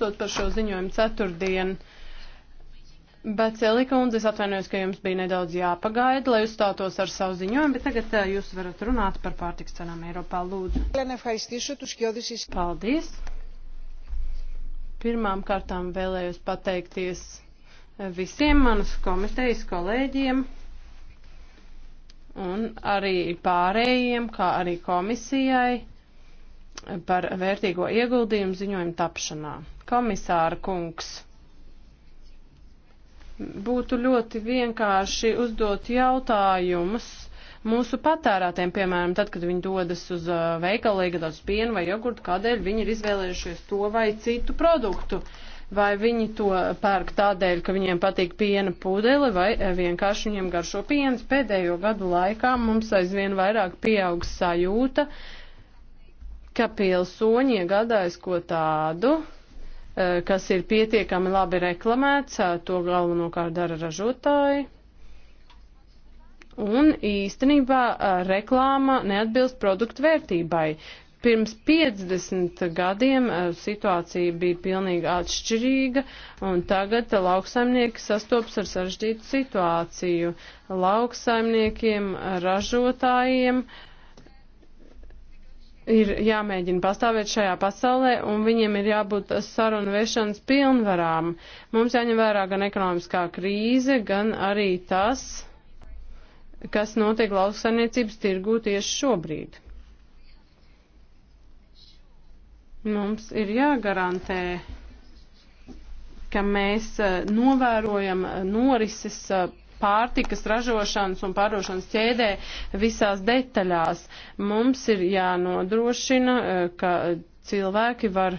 balsot par šo ziņojumu ceturtdien. Bet, Celikundze, es atvainojos, ka jums bija nedaudz jāpagaida, lai uzstātos ar savu ziņojumu, bet tagad eh, jūs varat runāt par pārtiks cenām Eiropā. Lūdzu. Paldies. Pirmām kārtām vēlējos pateikties eh, visiem manas komitejas kolēģiem un arī pārējiem, kā arī komisijai par vērtīgo ieguldījumu ziņojumu tapšanā. Komisāra kungs, būtu ļoti vienkārši uzdot jautājumus mūsu patērētiem, piemēram, tad, kad viņi dodas uz uh, veikalu, iegādās pienu vai jogurtu, kādēļ viņi ir izvēlējušies to vai citu produktu. Vai viņi to pērk tādēļ, ka viņiem patīk piena pudeli, vai uh, vienkārši viņiem garšo piens. Pēdējo gadu laikā mums aizvien vairāk pieaug sajūta, uh, ka pilsoņi iegādājas ko tādu, eh, kas ir pietiekami labi reklamēts, eh, to galvenokārt dara ražotāji. Un īstenībā eh, reklāma neatbilst produktu vērtībai. Pirms 50 gadiem situācija bija pilnīgi atšķirīga, un tagad lauksaimnieki sastops ar sarežģītu situāciju. Lauksaimniekiem, ražotājiem uh, ir jāmēģina pastāvēt šajā pasaulē, un viņiem ir jābūt sarunu vešanas pilnvarām. Mums jāņem vērā gan ekonomiskā krīze, gan arī tas, kas notiek lauksaimniecības tirgū tieši šobrīd. Mums ir jāgarantē, ka mēs eh, novērojam norises eh, pārtikas ražošanas un pārdošanas ķēdē visās detaļās. Mums ir jānodrošina, e, ka cilvēki var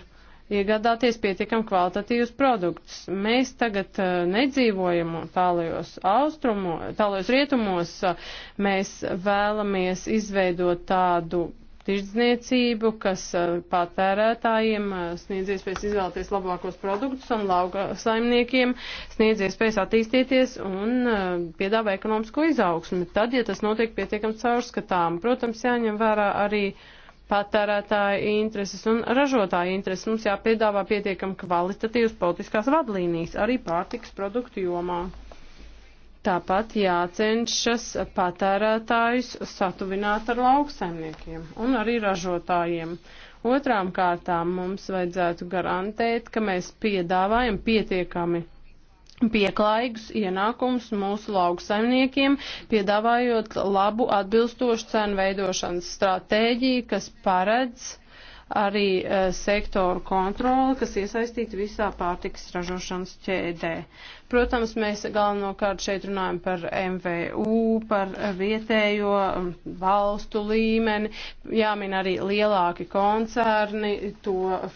iegādāties pietiekam kvalitatīvus produktus. Mēs tagad uh, nedzīvojam tālajos austrumo, tālajos rietumos, uh, mēs vēlamies izveidot tādu tirdzniecību, kas eh, patērētājiem eh, sniedz iespējas izvēlēties labākos produktus un lauka saimniekiem sniedz iespējas attīstīties un eh, piedāvā ekonomisko izaugsmi. Tad, ja tas notiek pietiekam caurskatām, protams, jāņem vērā arī patērētāja intereses un ražotāja intereses. Mums jāpiedāvā pietiekam kvalitatīvas politiskās vadlīnijas arī pārtikas produktu jomā. Tāpat jācenšas patērētājus satuvināt ar lauksaimniekiem un arī ražotājiem. Otrām kārtām mums vajadzētu garantēt, ka mēs piedāvājam pietiekami pieklājīgus ienākumus mūsu lauksaimniekiem, piedāvājot labu atbilstošu cenu veidošanas stratēģiju, kas paredz arī e, sektoru kontroli, kas iesaistīta visā pārtikas ražošanas ķēdē. Protams, mēs galvenokārt šeit runājam par MVU, par vietējo valstu līmeni, jāmin arī lielāki koncerni, to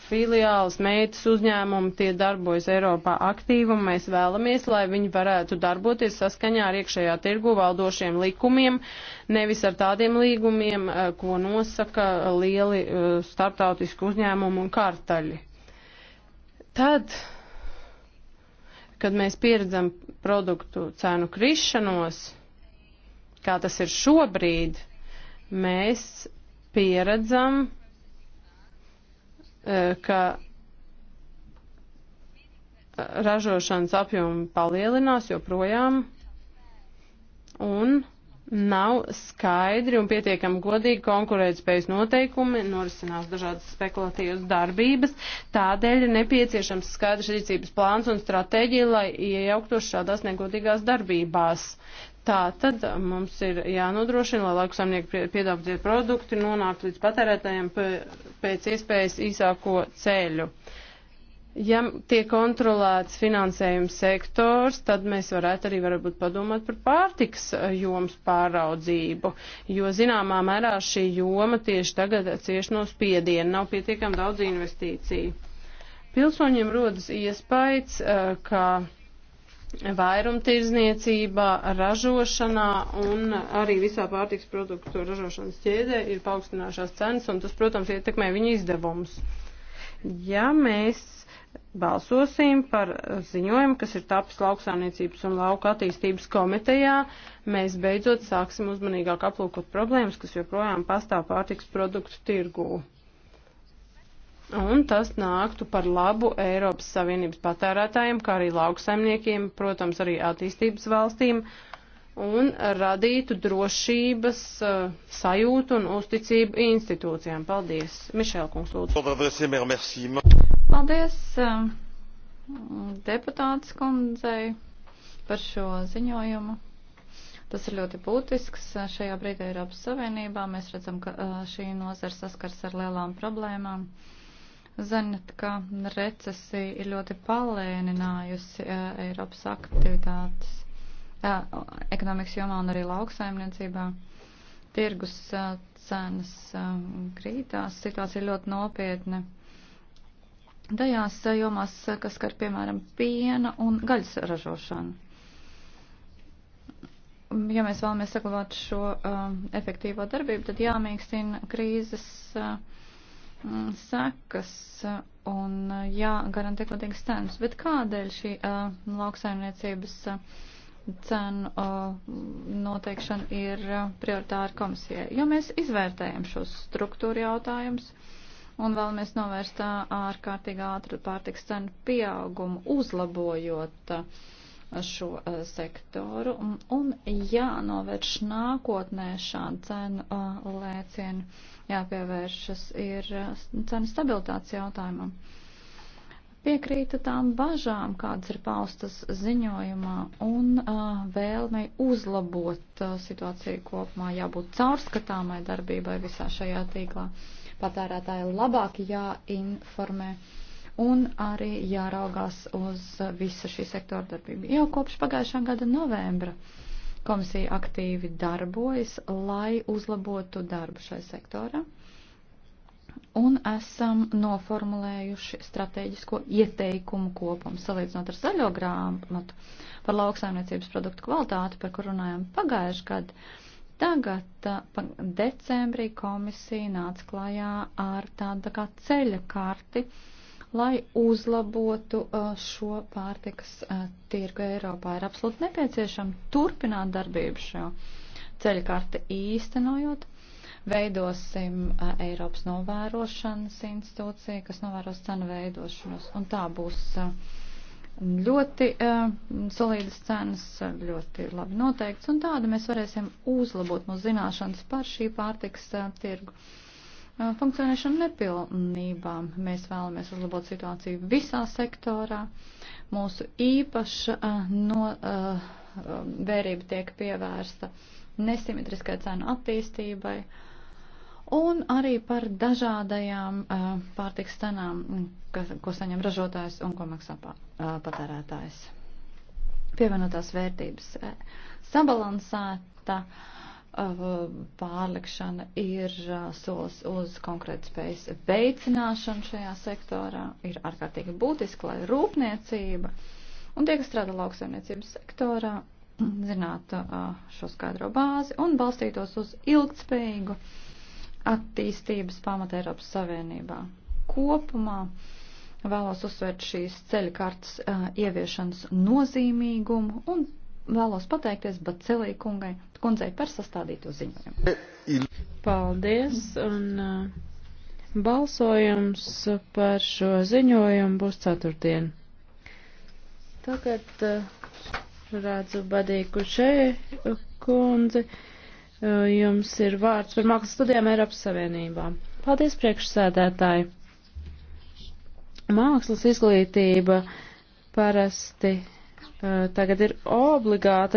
filiāls, meitas uzņēmumi, tie darbojas Eiropā aktīvi, un mēs vēlamies, lai viņi varētu darboties saskaņā ar iekšējā tirgu valdošiem likumiem, nevis ar tādiem līgumiem, eh, ko nosaka lieli eh, starptautisku uzņēmumu un kartaļi. Tad Kad mēs pieredzam produktu cenu krišanos, kā tas ir šobrīd, mēs pieredzam, e, ka ražošanas apjomi palielinās joprojām un nav skaidri un pietiekami godīgi konkurētspējas noteikumi, norisinās dažādas spekulatīvas darbības, tādēļ ir nepieciešams skaidrs rīcības plāns un stratēģija, lai iejauktos šādās negodīgās darbībās. Tā tad mums ir jānodrošina, lai lauksaimnieki piedāvātie produkti nonāktu līdz patērētājiem pēc iespējas īsāko ceļu. Uh, Ja tiek kontrolēts finansējums sektors, tad mēs varētu arī varbūt padomāt par pārtiks eh, jomas pāraudzību, jo zināmā mērā šī joma tieši tagad cieši no spiediena, nav pietiekam daudz investīciju. Pilsoņiem rodas iespējas, eh, ka vairumtirdzniecībā, ražošanā un arī visā pārtiks produktu ražošanas ķēdē ir paaugstinājušās cenas, un tas, protams, ietekmē viņu izdevumus. Ja mēs balsosim par ziņojumu, kas ir tapis lauksaimniecības un lauka attīstības komitejā. Mēs beidzot sāksim uzmanīgāk aplūkot problēmas, kas joprojām pastāv pārtiks produktu tirgū. Un tas nāktu par labu Eiropas Savienības patērētājiem, kā arī lauksaimniekiem, protams, arī attīstības valstīm, un radītu drošības uh, sajūtu un uzticību institūcijām. Paldies. Mišēl kungs, lūdzu. Paldies um, deputāts kundzei par šo ziņojumu. Tas ir ļoti būtisks. Šajā brīdī Eiropas Savienībā mēs redzam, ka uh, šī nozara saskars ar lielām problēmām. Zinat, ka recesija ir ļoti palēninājusi uh, Eiropas aktivitātes uh, ekonomikas jomā un arī lauksaimniecībā. Tirgus cenas um, krītās, situācija ļoti nopietna tajās jomās, kas skar piemēram piena un gaļas ražošanu. Ja mēs vēlamies saglabāt šo uh, efektīvo darbību, tad jāmīkstina krīzes um, uh, sekas un uh, jāgarantē godīgas cenas. Bet kādēļ šī uh, lauksaimniecības uh, cenu uh, noteikšana ir uh, prioritāra komisijai? Jo mēs izvērtējam šos struktūru jautājumus. Uh, un vēlamies novērst ārkārtīgi ātru pārtiks cenu pieaugumu, uzlabojot šo sektoru un jānovērš nākotnē šādu cenu lēcienu, jāpievēršas ir cenu stabilitātes jautājumam. Piekrītu tām bažām, kādas ir paustas ziņojumā, un uh, vēlmei uzlabot uh, situāciju kopumā, jābūt caurskatāmai darbībai visā šajā tīklā. Uh, patērētāji labāk jāinformē un arī jāraugās uz visu šī sektora darbību. Jau kopš pagājušā gada novembra komisija aktīvi darbojas, lai uzlabotu darbu šai sektorā. Un esam noformulējuši strateģisko ieteikumu kopumu, salīdzinot ar zaļo grāmatu par lauksaimniecības produktu kvalitāti, par kur runājām pagājušajā gadā Tagad decembrī komisija nāca klajā ar tādu kā ceļa karti, lai uzlabotu šo pārtikas tirgu Eiropā. Ir absolūti nepieciešama turpināt darbību šo ceļa karti īstenojot. Veidosim Eiropas novērošanas institūciju, kas novēros cenu veidošanos, un tā būs uh, ļoti uh, solīdas cenas, ļoti labi noteikts, un tādu mēs varēsim uzlabot mūsu zināšanas par šī pārtiks uh, tirgu uh, eh, funkcionēšanu nepilnībām. Mēs vēlamies uzlabot situāciju visā sektorā. Mūsu īpaša uh, no, uh, vērība tiek pievērsta nesimetriskai cenu attīstībai. Uh, un arī par dažādajām uh, pārtiks cenām, kas, ko saņem ražotājs un ko maksā pa, uh, patērētājs. Pievienotās vērtības eh, sabalansēta uh, pārlikšana ir uh, solis uz konkrētas spējas veicināšanu šajā sektorā, ir ārkārtīgi būtiski, lai rūpniecība un tie, kas strādā lauksaimniecības sektorā, zinātu uh, šo skaidro bāzi un balstītos uz ilgtspējīgu attīstības pamata Eiropas Savienībā. Kopumā vēlos uzsvērt šīs ceļa kartas uh, ieviešanas nozīmīgumu un vēlos pateikties Bacelī kungai, kundzei par sastādīto ziņojumu. Paldies, un uh, balsojums par šo ziņojumu būs ceturtdien. Tagad uh, redzu Badīku Šē kundzi. Uh, Eh, jums ir vārds par mākslas studijām Eiropas Savienībā. Paldies, priekšsēdētāji! Mākslas izglītība parasti uh, tagad ir obligāta.